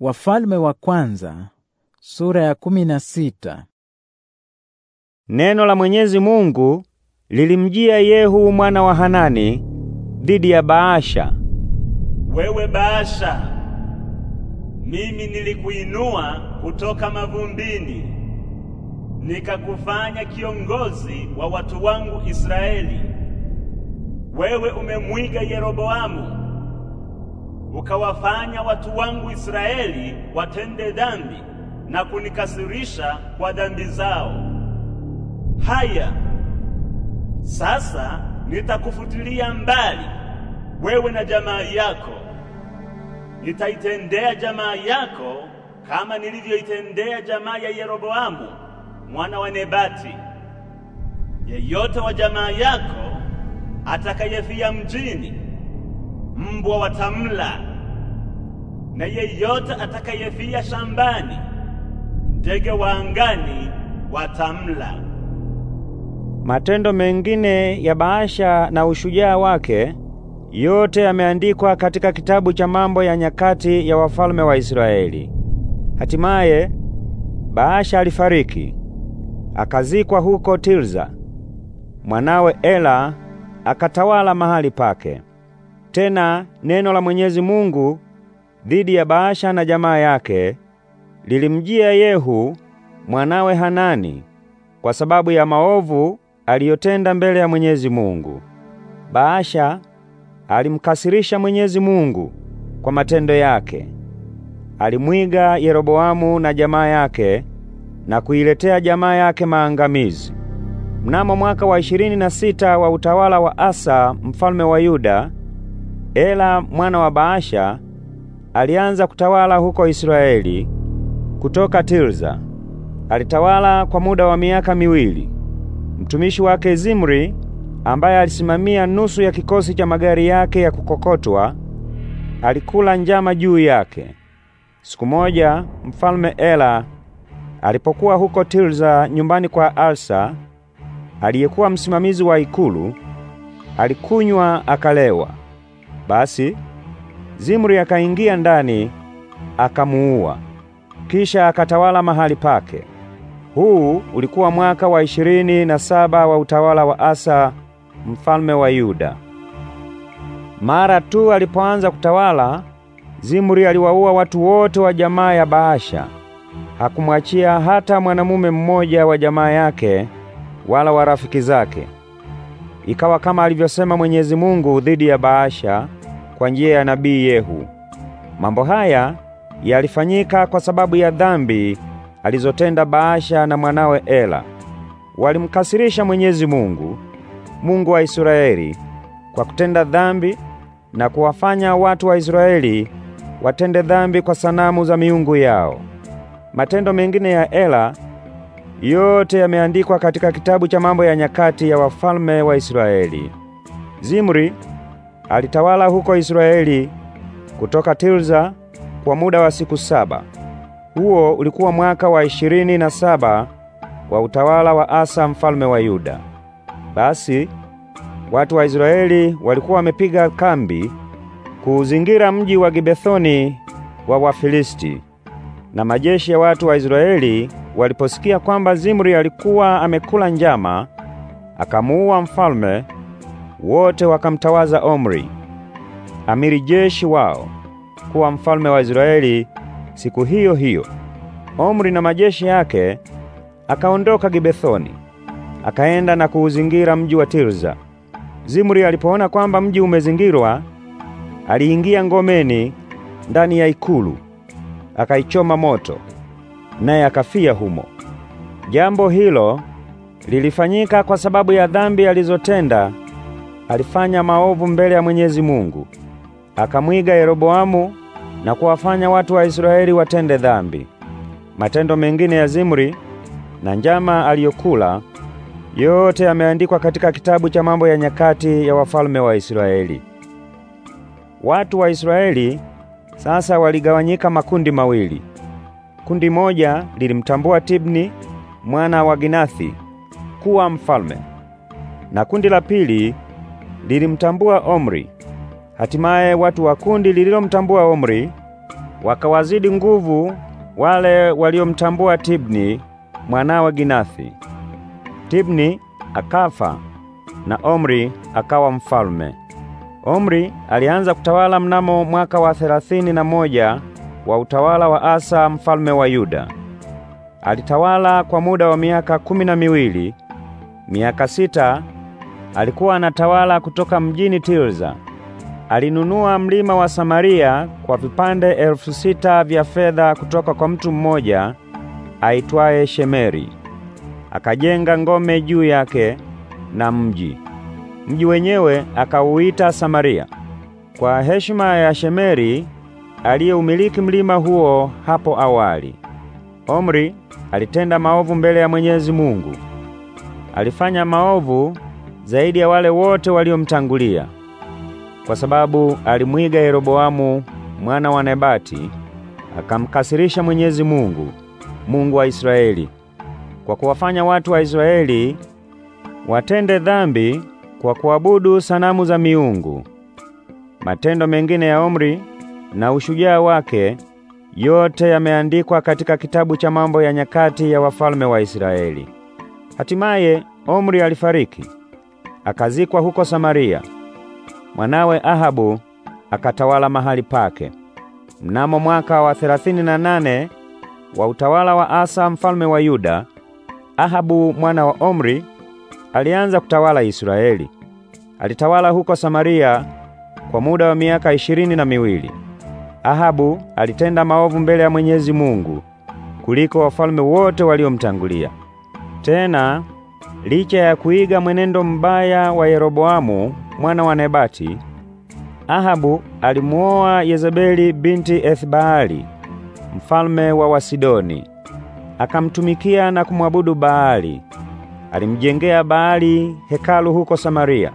Wafalme wa kwanza, sura ya kumi na sita. Neno la Mwenyezi Mungu lilimjia Yehu mwana wa Hanani dhidi ya Baasha. Wewe Baasha, mimi nilikuinua kutoka mavumbini nikakufanya kiongozi wa watu wangu Israeli. Wewe umemwiga Yeroboamu ukawafanya watu wangu Israeli watende dhambi na kunikasirisha kwa dhambi zao. Haya sasa, nitakufutilia mbali wewe na jamaa yako, nitaitendea jamaa yako kama nilivyoitendea jamaa ya Yeroboamu mwana wa Nebati. Yeyote wa jamaa yako atakayefia mjini mbwa watamla, na yeyote atakayefia shambani, ndege wa angani watamla. Matendo mengine ya Baasha na ushujaa wake yote yameandikwa katika kitabu cha mambo ya nyakati ya wafalme wa Israeli. Hatimaye Baasha alifariki akazikwa huko Tirza. Mwanawe Ela akatawala mahali pake. Tena neno la Mwenyezi Mungu dhidi ya Baasha na jamaa yake lilimjia Yehu mwanawe Hanani kwa sababu ya maovu aliyotenda mbele ya Mwenyezi Mungu. Baasha alimkasirisha Mwenyezi Mungu kwa matendo yake. Alimwiga Yeroboamu na jamaa yake na kuiletea jamaa yake maangamizi. Mnamo mwaka wa ishirini na sita wa utawala wa Asa mfalme wa Yuda, Ela mwana wa Baasha alianza kutawala huko Israeli kutoka Tirza. Alitawala kwa muda wa miaka miwili. Mtumishi wake Zimri ambaye alisimamia nusu ya kikosi cha magari yake ya kukokotwa alikula njama juu yake. Siku moja mfalme Ela alipokuwa huko Tirza nyumbani kwa Alsa aliyekuwa msimamizi wa ikulu, alikunywa akalewa. Basi Zimri akaingia ndani akamuua, kisha akatawala mahali pake. Huu ulikuwa mwaka wa ishirini na saba wa utawala wa Asa mfalme wa Yuda. Mara tu alipoanza kutawala, Zimri aliwaua watu wote wa jamaa ya Baasha. Hakumwachia hata mwanamume mmoja wa jamaa yake wala wa rafiki zake. Ikawa kama alivyosema Mwenyezi Mungu dhidi ya Baasha kwa njia ya nabii Yehu. Mambo haya yalifanyika kwa sababu ya dhambi alizotenda Baasha na mwanawe Ela. Walimkasirisha Mwenyezi Mungu, Mungu wa Israeli, kwa kutenda dhambi na kuwafanya watu wa Israeli watende dhambi kwa sanamu za miungu yao. Matendo mengine ya Ela yote yameandikwa katika kitabu cha mambo ya nyakati ya wafalme wa Israeli. Zimri Alitawala huko Israeli kutoka Tirza kwa muda wa siku saba. Huo ulikuwa mwaka wa ishirini na saba wa utawala wa Asa mfalme wa Yuda. Basi watu wa Israeli walikuwa wamepiga kambi kuuzingira mji wa Gibethoni wa Wafilisti. Na majeshi ya watu wa Israeli waliposikia kwamba Zimri alikuwa amekula njama akamuua mfalme, wote wakamtawaza Omri amiri jeshi wao kuwa mfalme wa Israeli. Siku hiyo hiyo Omri na majeshi yake akaondoka Gibethoni, akaenda na kuuzingira mji wa Tirza. Zimri alipoona kwamba mji umezingirwa, aliingia ngomeni ndani ya ikulu akaichoma moto, naye akafia humo. Jambo hilo lilifanyika kwa sababu ya dhambi alizotenda alifanya maovu mbele ya Mwenyezi Mungu, akamwiga Yeroboamu na kuwafanya watu wa Israeli watende dhambi. Matendo mengine ya Zimri na njama aliyokula yote yameandikwa katika kitabu cha mambo ya nyakati ya wafalme wa Israeli. Watu wa Israeli sasa waligawanyika makundi mawili. Kundi moja lilimtambua Tibni mwana wa Ginathi kuwa mfalme na kundi la pili lilimtambua Omri. Hatimaye watu wa kundi lililomtambua Omri wakawazidi nguvu wale waliomtambua Tibni mwanawe Ginathi. Tibni akafa na Omri akawa mfalme. Omri alianza kutawala mnamo mwaka wa thelathini na moja wa utawala wa Asa mfalme wa Yuda. Alitawala kwa muda wa miaka kumi na miwili, miaka sita alikuwa anatawala kutoka mjini Tirza. Alinunua mlima wa Samaria kwa vipande elfu sita vya fedha kutoka kwa mtu mmoja aitwaye Shemeri. Akajenga ngome juu yake na mji. Mji wenyewe akauita Samaria kwa heshima ya Shemeri aliyeumiliki mlima huo hapo awali. Omri alitenda maovu mbele ya Mwenyezi Mungu. Alifanya maovu zaidi ya wale wote waliomtangulia, kwa sababu alimwiga Yeroboamu mwana wa Nebati, akamkasirisha Mwenyezi Mungu, Mungu wa Israeli, kwa kuwafanya watu wa Israeli watende dhambi kwa kuabudu sanamu za miungu. Matendo mengine ya Omri na ushujaa wake yote yameandikwa katika kitabu cha mambo ya nyakati ya wafalme wa Israeli. Hatimaye Omri alifariki, akazikwa huko Samaria. Mwanawe Ahabu akatawala mahali pake. Mnamo mwaka wa 38 na nane wa utawala wa Asa mfalme wa Yuda, Ahabu mwana wa Omri alianza kutawala Israeli. Alitawala huko Samaria kwa muda wa miaka ishirini na miwili. Ahabu alitenda maovu mbele ya Mwenyezi Mungu kuliko wafalme wote waliomtangulia. Tena Licha ya kuiga mwenendo mbaya wa Yeroboamu mwana wa Nebati, Ahabu alimuoa Yezebeli binti Ethbaali, mfalme wa Wasidoni. Akamtumikia na kumwabudu Baali. Alimjengea Baali hekalu huko Samaria,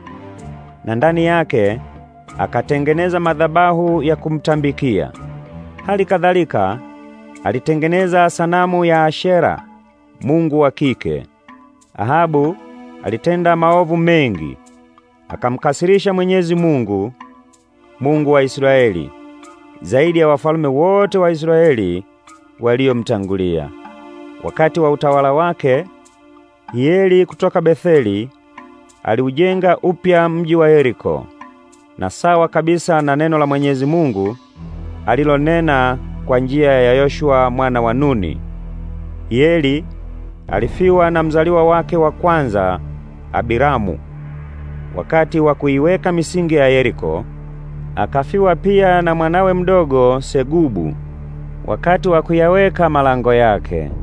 na ndani yake akatengeneza madhabahu ya kumtambikia. Hali kadhalika alitengeneza sanamu ya Ashera, mungu wa kike. Ahabu alitenda maovu mengi, akamkasirisha Mwenyezi Mungu, Mungu wa Israeli, zaidi ya wafalme wote wa Israeli waliomtangulia. Wakati wa utawala wake, Hieli kutoka Betheli aliujenga upya mji wa Yeriko, na sawa kabisa na neno la Mwenyezi Mungu alilonena kwa njia ya Yoshua mwana wa Nuni. Yeli alifiwa na mzaliwa wake wa kwanza Abiramu wakati wa kuiweka misingi ya Yeriko. Akafiwa pia na mwanawe mdogo Segubu wakati wa kuyaweka malango yake.